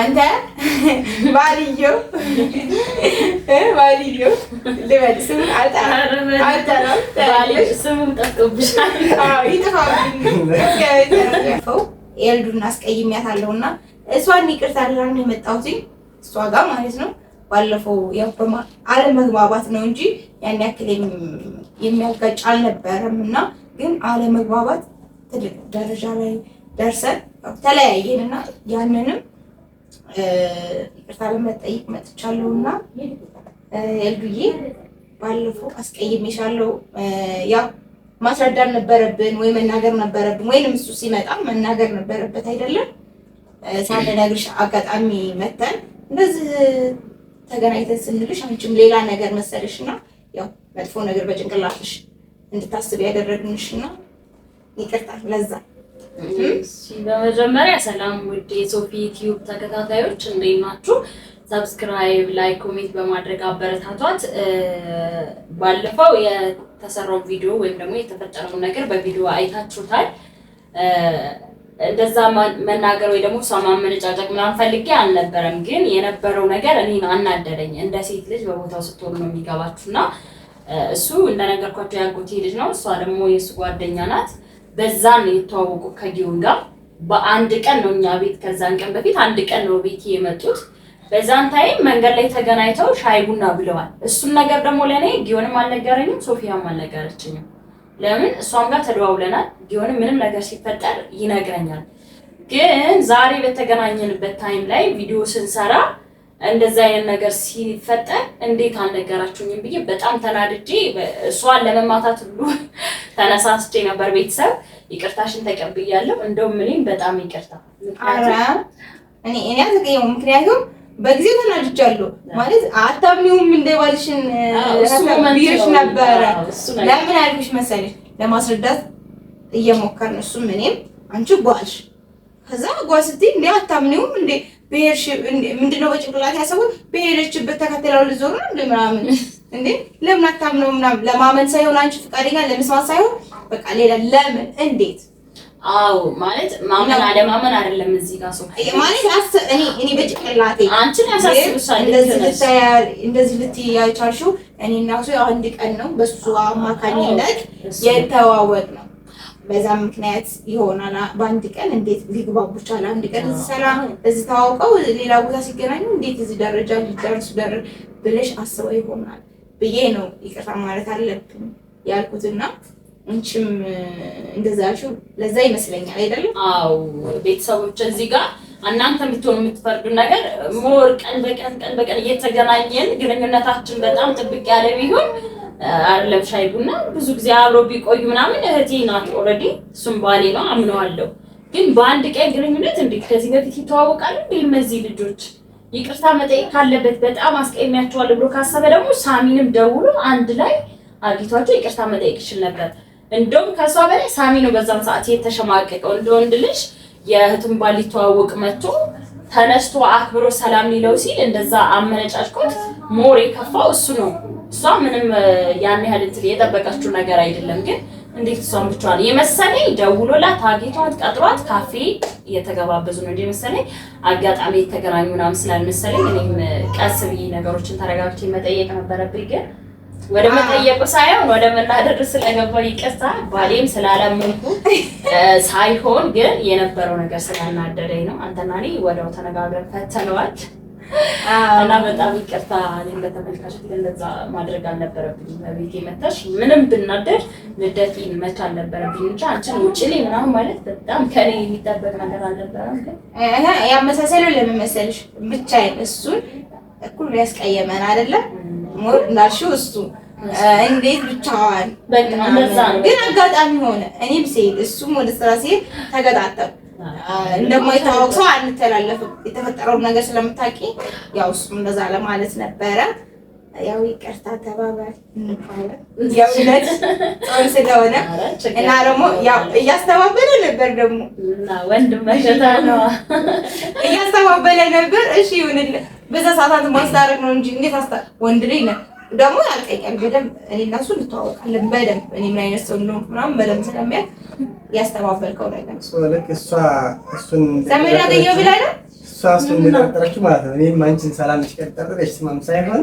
አንተ ባልየው ባልየው ልበል ስሙን አልጠራም። ኤልዱን አስቀይሜያታለሁ እና እሷን ይቅርታ አድራ ነው የመጣሁት እሷ ጋር ማለት ነው። ባለፈው አለመግባባት ነው እንጂ ያን ያክል የሚያጋጭ አልነበረም እና ግን አለመግባባት ትልቅ ደረጃ ላይ ደርሰን ተለያየንና ያንንም ይቅርታ ለመጠይቅ መጥቻለሁ እና ኤልዱዬ ባለፈው አስቀይሜሻለሁ። ያው ማስረዳት ነበረብን ወይ መናገር ነበረብን ወይንም እሱ ሲመጣ መናገር ነበረበት አይደለም። ሳንነግርሽ አጋጣሚ መተን እንደዚህ ተገናኝተን ስንልሽ አንቺም ሌላ ነገር መሰለሽ እና ያው መጥፎ ነገር በጭንቅላትሽ እንድታስብ ያደረግንሽ እና ይቅርታ ለዛ በመጀመሪያ ሰላም ውድ የሶፊ ቲዩብ ተከታታዮች እንዴት ናችሁ? ሰብስክራይብ ላይ ኮሜንት በማድረግ አበረታቷት። ባለፈው የተሰራው ቪዲዮ ወይም ደግሞ የተፈጠረው ነገር በቪዲዮ አይታችሁታል። እንደዛ መናገር ወይ ደግሞ እሷ ማመነጫጨቅ ምናምን ፈልጌ አልነበረም፣ ግን የነበረው ነገር እኔን አናደደኝ። እንደ ሴት ልጅ በቦታው ስትሆኑ ነው የሚገባችሁ እና እሱ እንደነገርኳቸው ያጎቴ ልጅ ነው፣ እሷ ደግሞ የእሱ ጓደኛ ናት። በዛ ነው የተዋወቁ ከጊዮን ጋር በአንድ ቀን ነው እኛ ቤት ከዛን ቀን በፊት አንድ ቀን ነው ቤት የመጡት። በዛን ታይም መንገድ ላይ ተገናኝተው ሻይ ቡና ብለዋል። እሱን ነገር ደግሞ ለእኔ ጊዮንም አልነገረኝም፣ ሶፊያም አልነገረችኝም። ለምን እሷም ጋር ተደዋውለናል። ጊዮንም ምንም ነገር ሲፈጠር ይነግረኛል። ግን ዛሬ በተገናኘንበት ታይም ላይ ቪዲዮ ስንሰራ እንደዛ አይነት ነገር ሲፈጠር እንዴት አልነገራችሁኝም ብዬ በጣም ተናድጄ እሷን ለመማታት ሁሉ ተነሳስቼ ነበር። ቤተሰብ ይቅርታሽን ተቀብያለሁ፣ እንደውም እኔም በጣም ይቅርታ። እኔ እኔ ምክንያቱም በጊዜው ተናድጃለሁ ማለት አታብኒውም እንደ ባልሽን ብዬሽ ነበረ። ለምን አልኩሽ መሰለሽ ለማስረዳት እየሞከርን እሱም እኔም አንቺ ጓልሽ ከዛ ጓል ስትይ እንደ አታምኒውም እንዴ በሄድሽ ምንድነው በጭንቅላት ያሰቡት በሄደችበት ተከትለው ልዞር ነው እንደ ምናምን እንዴ ለምን አታምነው ምናምን ለማመን ሳይሆን አንቺ ፈቃደኛ ለመስማት ሳይሆን በቃ ሌላ ለምን እንዴት አዎ ማለት ማመን አለማመን አይደለም። እዚህ ጋር ሰው ማለት አስ እኔ እኔ በጭንቅላቴ አንቺን ያሳስብሻል። እንደዚህ ልትይ ያልቻልሽው እኔና እሱ አንድ ቀን ነው በሱ አማካኝነት የተዋወቅ ነው በዛም ምክንያት ይሆናል። በአንድ ቀን እንዴት ሊግባቡ ቻለ? አንድ ቀን እዚህ ሰላም እዚህ ተዋውቀው ሌላ ቦታ ሲገናኙ እንዴት እዚህ ደረጃ ሊደርሱ ደር ብለሽ አስበው ይሆናል ብዬ ነው ይቅርታ ማለት አለብን ያልኩትና እንችም እንደዛ ለዛ ይመስለኛል አይደለም? አዎ ቤተሰቦች እዚህ ጋር እናንተ የምትሆኑ የምትፈርዱ ነገር ሞር ቀን በቀን ቀን በቀን እየተገናኘን ግንኙነታችን በጣም ጥብቅ ያለ ቢሆን አይደለም ሻይ ቡና ብዙ ጊዜ አብሮ ቢቆዩ ምናምን እህቴ ናት። ኦልሬዲ እሱም ባሌ ነው አምነዋለሁ። ግን በአንድ ቀን ግንኙነት እንዴ ከዚህ በፊት ይተዋወቃሉ እንዴ? እነዚህ ልጆች ይቅርታ መጠየቅ ካለበት በጣም አስቀይሜያቸዋለሁ ብሎ ካሰበ ደግሞ ሳሚንም ደውሎ አንድ ላይ አግኝቷቸው ይቅርታ መጠየቅ ይችል ነበር። እንደውም ከእሷ በላይ ሳሚ ነው በዛም ሰዓት የተሸማቀቀው። እንደ ወንድ ልጅ የእህቱን ባል ሊተዋወቅ መጥቶ ተነስቶ አክብሮ ሰላም ሊለው ሲል እንደዛ አመነጫጭቆት ሞር የከፋው እሱ ነው። እሷ ምንም ያን ያህል እንትን የጠበቀችው ነገር አይደለም። ግን እንዴት እሷን ብቻዋን የመሰለኝ ደውሎላት ታጌቷት ቀጥሯት ካፌ እየተገባበዙ ነው እንደ መሰለኝ አጋጣሚ የተገናኙ ምናምን ስላልመሰለኝ እኔም ቀስ ብዬ ነገሮችን ተረጋግቼ መጠየቅ ነበረብኝ። ግን ወደ መጠየቁ ሳይሆን ወደ መናደር ስለገባ ይቅርታ፣ ባሌም ስላላመንኩ ሳይሆን ግን የነበረው ነገር ስላናደደኝ ነው። አንተና እኔ ወዲያው ተነጋግረን ፈተነዋል። እና በጣም ይቅርታ እኔም ለተመልካች ገለጻ ማድረግ አልነበረብኝ። በቤት መታሽ ምንም ብናደር ልደት መች አልነበረብኝ እንጂ አንቺን ውጭ ላይ ምናምን ማለት በጣም ከኔ የሚጠበቅ ነገር አልነበረም። ያመሳሰሉ ለምን መሰልሽ ብቻዬን እሱን እኩል ያስቀየመን አይደለም ሞር እንዳልሽው እሱ እንዴት ብቻዋን ግን አጋጣሚ ሆነ እኔም ስሄድ እሱም ወደ ስራ ሲሄድ ተገጣጠም እንደማይታወቅ ሰው አንተላለፍም። የተፈጠረውን ነገር ስለምታውቂ ያው እሱም እንደዛ ለማለት ነበረ። ያው ይቅርታ ተባባል የእውነት ጾም ስለሆነ እና ደግሞ እያስተባበለ ነበር ደግሞ እያስተባበለ ነበር። እሺ ይሁንልህ። በዛ ሰዓታት ማስታረቅ ነው እንጂ እንዴት ወንድ ልጅ ነው ደግሞ ያልቀኛል በደንብ እኔ እና እሱ እንተዋወቃለን በደንብ እኔ ምን አይነት ሰው እንደሆንኩ ምናምን በደንብ ስለሚያውቅ ያስተባበልከው ነገር ዘመድ ያገኘው ብላ እሷ እሱን እንደጠረጠረችው ማለት ነው። እኔም አንቺን ሰላም ቀጠረች ስማም ሳይሆን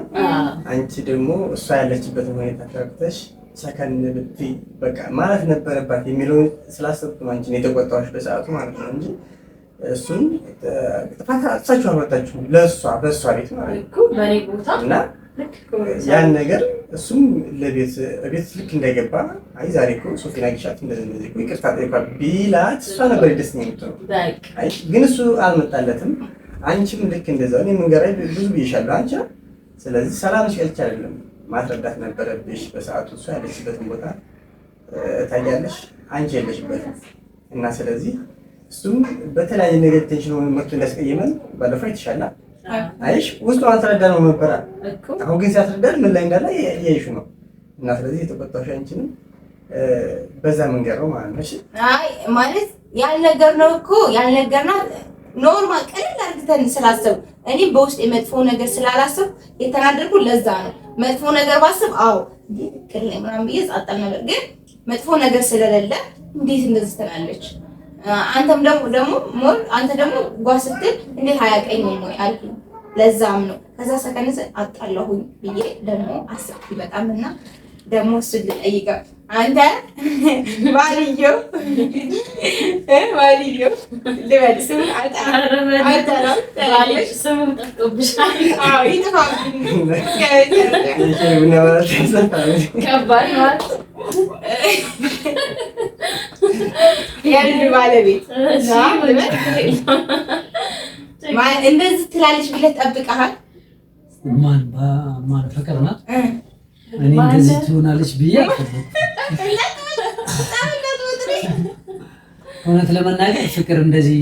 አንቺ ደግሞ እሷ ያለችበት ሁኔታ ተረድተሽ ሰከን ብትይ በቃ ማለት ነበረባት የሚለውን ስላሰብኩ አንቺን የተቆጣሁሽ በሰዓቱ ማለት ነው እንጂ እሱን ጥፋት እሳችሁ አልወጣችሁም ለእሷ በእሷ ቤት ማለት ነው እና ያን ነገር እሱም ለቤት ቤት ልክ እንደገባ አይ ዛሬ እኮ ሶፊና ጊሻት እንደዚህ እኮ ይቅርታ ጠይቋል ቢላት እሷ ነበር ደስ የምትሆነው። ግን እሱ አልመጣለትም። አንቺም ልክ እንደዛ እኔ የምንገራኝ ብዙ ብዬሻለሁ አንቺ። ስለዚህ ሰላም ሽቀልች አይደለም ማስረዳት ነበረብሽ በሰዓቱ። እሷ ያለችበትን ቦታ እታያለሽ አንቺ የለሽበት እና ስለዚህ እሱም በተለያየ ነገር ቴንሽን ሆኖ መጥቶ እንዳስቀየመን ባለፈው አይተሻላል። አይሽ ውስጡ አስረዳ ነው ነበረ። አሁን ግን ሲያስረዳል ምን ላይ እንዳለ እያይሹ ነው። እና ስለዚህ የተቆጣሽ አንቺንም በዛ መንገድ ነው ማለት ነው። እሺ አይ ማለት ያልነገርነው እኮ ያልነገርናት ኖርማል ቀለል አድርገን ስላሰብ እኔ በውስጥ የመጥፎ ነገር ስላላሰብ የተናደርኩ ለዛ ነው። መጥፎ ነገር ባስብ አዎ ቅድም ምናምን ብዬ ጻጣል ነበር። ግን መጥፎ ነገር ስለሌለ እንዴት እንደዚህ ትላለች? አንተም ደግሞ ደግሞ ሞል አንተ ደግሞ ጓዝ ስትል እንዴት አያውቀኝም ወይ አልኩ። ለዛም ነው ከዛ ሰከንስ አጣለሁኝ ብዬ ደግሞ አሰብኩ በጣም እና ደግሞ እሱን አንተ ባልየው ባልየው ልበል ስም አጣራ የአንድ ባለቤት እንደዚህ ትላለች ብለህ ጠብቀሃል? ማን ማን ፍቅር ናት። እኔ እንደዚህ ትሆናለች ብዬ እውነት ለመናገር ፍቅር እንደዚህ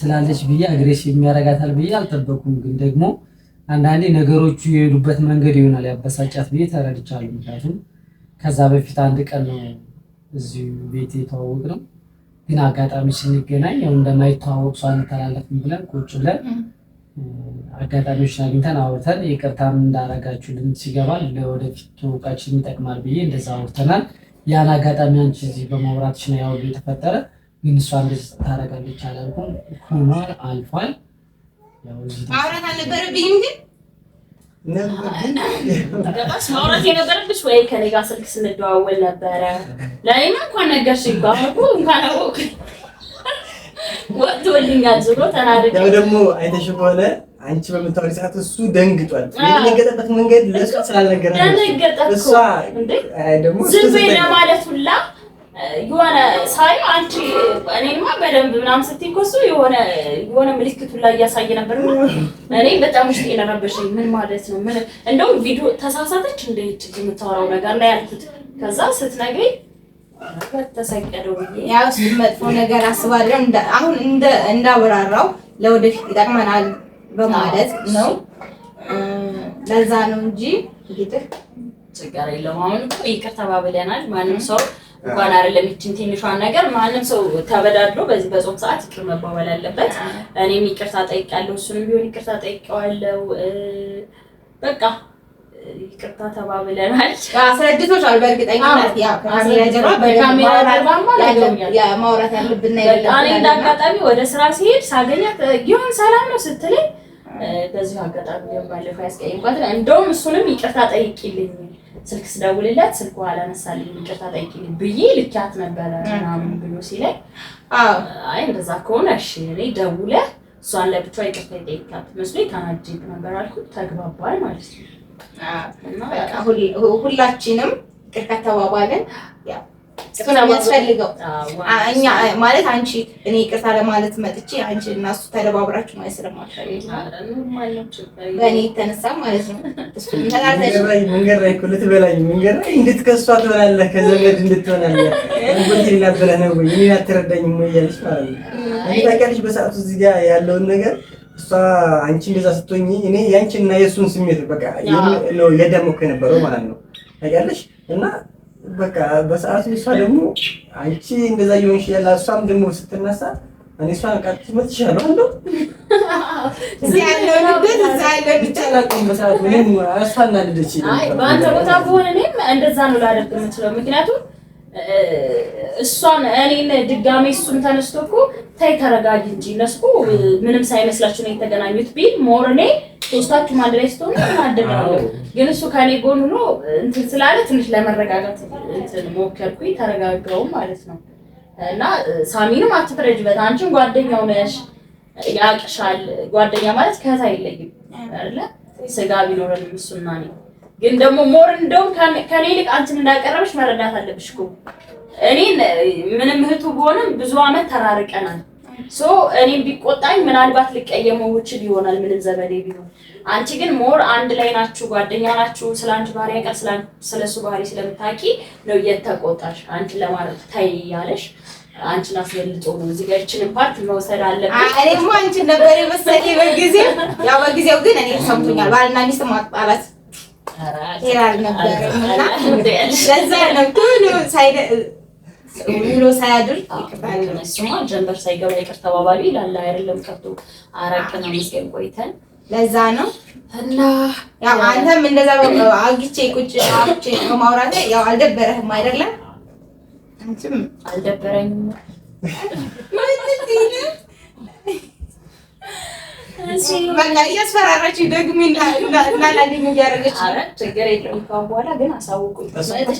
ትላለች ብዬ አግሬሲቭ የሚያረጋታል ብዬ አልጠበኩም። ግን ደግሞ አንዳንዴ ነገሮቹ የሄዱበት መንገድ ይሆናል ያበሳጫት ብዬ ተረድቻለሁ። ምክንያቱም ከዛ በፊት አንድ ቀን ነው እዚሁ ቤት የተዋወቅ ነው። ግን አጋጣሚ ስንገናኝ ያው እንደማይተዋወቅ ሰው አንተላለፍም ብለን ቁጭ ብለን አጋጣሚዎችን አግኝተን አውርተን ይቅርታም እንዳረጋችሁልን ሲገባል ለወደፊት ትውቃችን ይጠቅማል ብዬ እንደዛ አውርተናል። ያን አጋጣሚ አንቺ እዚህ በማውራትሽ ነው ያው የተፈጠረ። ግን እሷ እንደዚህ ታደርጋለች አላልኩም። ሆኗል፣ አልፏል። አልነበረብኝም ግን ገባሽ? ማውራት የነበረብሽ ወይ ከኔ ጋር ስልክ ስንደዋወል ነበረ። ለእኔማ እንኳን ነገርሽኝ እኮ አሁን እኮ እንኳን አወኩኝ ወጥቶልኛል ብሎ ተናደደ። ያው ደግሞ አይተሽው ከሆነ አንቺ በምታወሪ ሰዓት እሱ ደንግጧል። የደነገጠበት መንገድ ለእሷ ስላልነገረ ደነገጠ እኮ። እንደ ዝም ብዬ ለማለቱ የሆነ ሳይ አንቺ እኔማ በደንብ ምናምን ስትይ እኮ እሱ የሆነ የሆነ ምልክቱ ላይ እያሳየ ነበር። እኔ በጣም ውስጥ የረበሸኝ ምን ማለት ነው? ምን እንደውም ቪዲዮ ተሳሳተች እንደች የምታወራው ነገር ላይ ያልኩት። ከዛ ስትነግሪኝ ተሰቀደው ያው እሱ መጥፎ ነገር አስባለሁ። አሁን እንደ እንዳብራራው ለወደፊት ይጠቅመናል በማለት ነው። ለዛ ነው እንጂ ችግር የለውም። አሁን እኮ ይቅር ተባብለናል። ማንም ሰው እንኳን አይደለም ይችን ትንሿን ነገር ማንም ሰው ተበዳድሮ በዚህ በጾም ሰዓት ይቅር መባባል አለበት። እኔም ይቅርታ ጠይቃለሁ፣ እሱንም ቢሆን ይቅርታ ጠይቀዋለሁ። በቃ ይቅርታ ተባብለናል። አስረድቶሻል። በእርግጠኝነት ማውራት ያለብን እኔ እንደ አጋጣሚ ወደ ስራ ሲሄድ ሳገኛት ጊሆን ሰላም ነው ስትለኝ በዚሁ አጋጣሚ ባለፈው ያስቀይባትን እንደውም እሱንም ይቅርታ ጠይቂልኝ ስልክ ስደውልለት ስልኩ አላነሳልኝ ይቅርታ ጠይቂልኝ ብዬ ልኪያት ነበረ ምናምን ብሎ ሲለኝ፣ አይ እንደዛ ከሆነ እሺ እኔ ደውለህ እሷን ለብቻ ይቅርታ ይጠይቃት መስሎኝ ተናድጄ ነበር አልኩት። ተግባባል ማለት ነው። ሁላችንም ይቅር ከተባባልን የሚያስፈልገው እኛ ማለት አንቺ እኔ ይቅርታ ለማለት መጥቼ አንቺ እና እሱ ተደባብራችሁ ማለት ስለማልፈልግ በእኔ የተነሳ ማለት ነው። መንገድ ላይ እኮ ልትበላኝ መንገድ ላይ እንድትከሷ ትሆናለህ፣ ከዘመድ እንድትሆናለህ ላበላህ ነው ወይ እኔን እያለች ማለት ነው። ታውቂያለሽ በሰዓቱ እዚህ ጋር ያለውን ነገር እሷ አንቺ እንደዛ ስትሆኝ እኔ የአንቺ እና የእሱን ስሜት በቃ ነው እያዳመኩ የነበረው ማለት ነው። ታውቂያለሽ እና በቃ በሰዓቱ እሷ ደግሞ አንቺ እንደዛ እየሆንሽ ያለ እሷም ደግሞ ስትነሳ እኔ እሷን ቃል ትመትሻለሁ አለው። እሷ እናደደች በአንተ ቦታ በሆነ እኔም እንደዛ ነው ላደርግ የምችለው ምክንያቱም እሷን እኔን ድጋሜ እሱን ተነስቶ እኮ ተይ ተረጋጊ እንጂ እነሱ ምንም ሳይመስላችሁ ነው የተገናኙት ቢል ሞር እኔ ሶስታችሁ አንድ ላይ ስትሆኑ እናደጋለሁ። ግን እሱ ከኔ ጎን ሆኖ እንትን ስላለ ትንሽ ለመረጋጋት እንትን ሞከርኩኝ። ተረጋጋው ማለት ነው። እና ሳሚንም አትፍረጅበት። አንቺም ጓደኛው ነሽ፣ ያቅሻል። ጓደኛ ማለት ከታ አይለይም አይደለ? ስጋ ቢኖረንም እሱና እኔ ግን ደግሞ ሞር እንደውም ከኔ ይልቅ አንቺን እንዳቀረብሽ መረዳት አለብሽ እኮ። እኔን ምንም እህቱ በሆንም ብዙ አመት ተራርቀናል። ሶ እኔም ቢቆጣኝ ምናልባት ልቀየመው ውችል ይሆናል ምንም ዘመዴ ቢሆን። አንቺ ግን ሞር አንድ ላይ ናችሁ፣ ጓደኛ ናችሁ። ስለ አንቺ ባህሪ ያውቃል፣ ስለሱ ባህሪ ስለምታውቂ ነው የተቆጣሽ። አንቺን ለማድረግ ታይ ያለሽ አንቺን አስገልጦ ነው። እዚህ ጋር ይችላል ፓርት መውሰድ አለብሽ። እኔማ አንቺን ነበር የመሰለኝ በጊዜ ያው፣ በጊዜው ግን እኔ ሰምቶኛል ባልና ሚስት ማጣላት ውሎ ሳያድር እሱማ ጀንበር ሳይገባ ይቅር ተባባሪ ይላል አይደለም? ከብቶ አራት ቀን አምስት ቆይተን ለዛ ነው እና ያው አንተም እንደዛ አግቼ ቁጭ አግቼ በማውራት ያው አልደበረህም አይደለም? አንቺም አልደበረኝም። በቃ እያስፈራራች ደግሜ እንዳላገኝ እያደረገች ችግር የለም። ከአሁን በኋላ ግን አሳውቁኝ።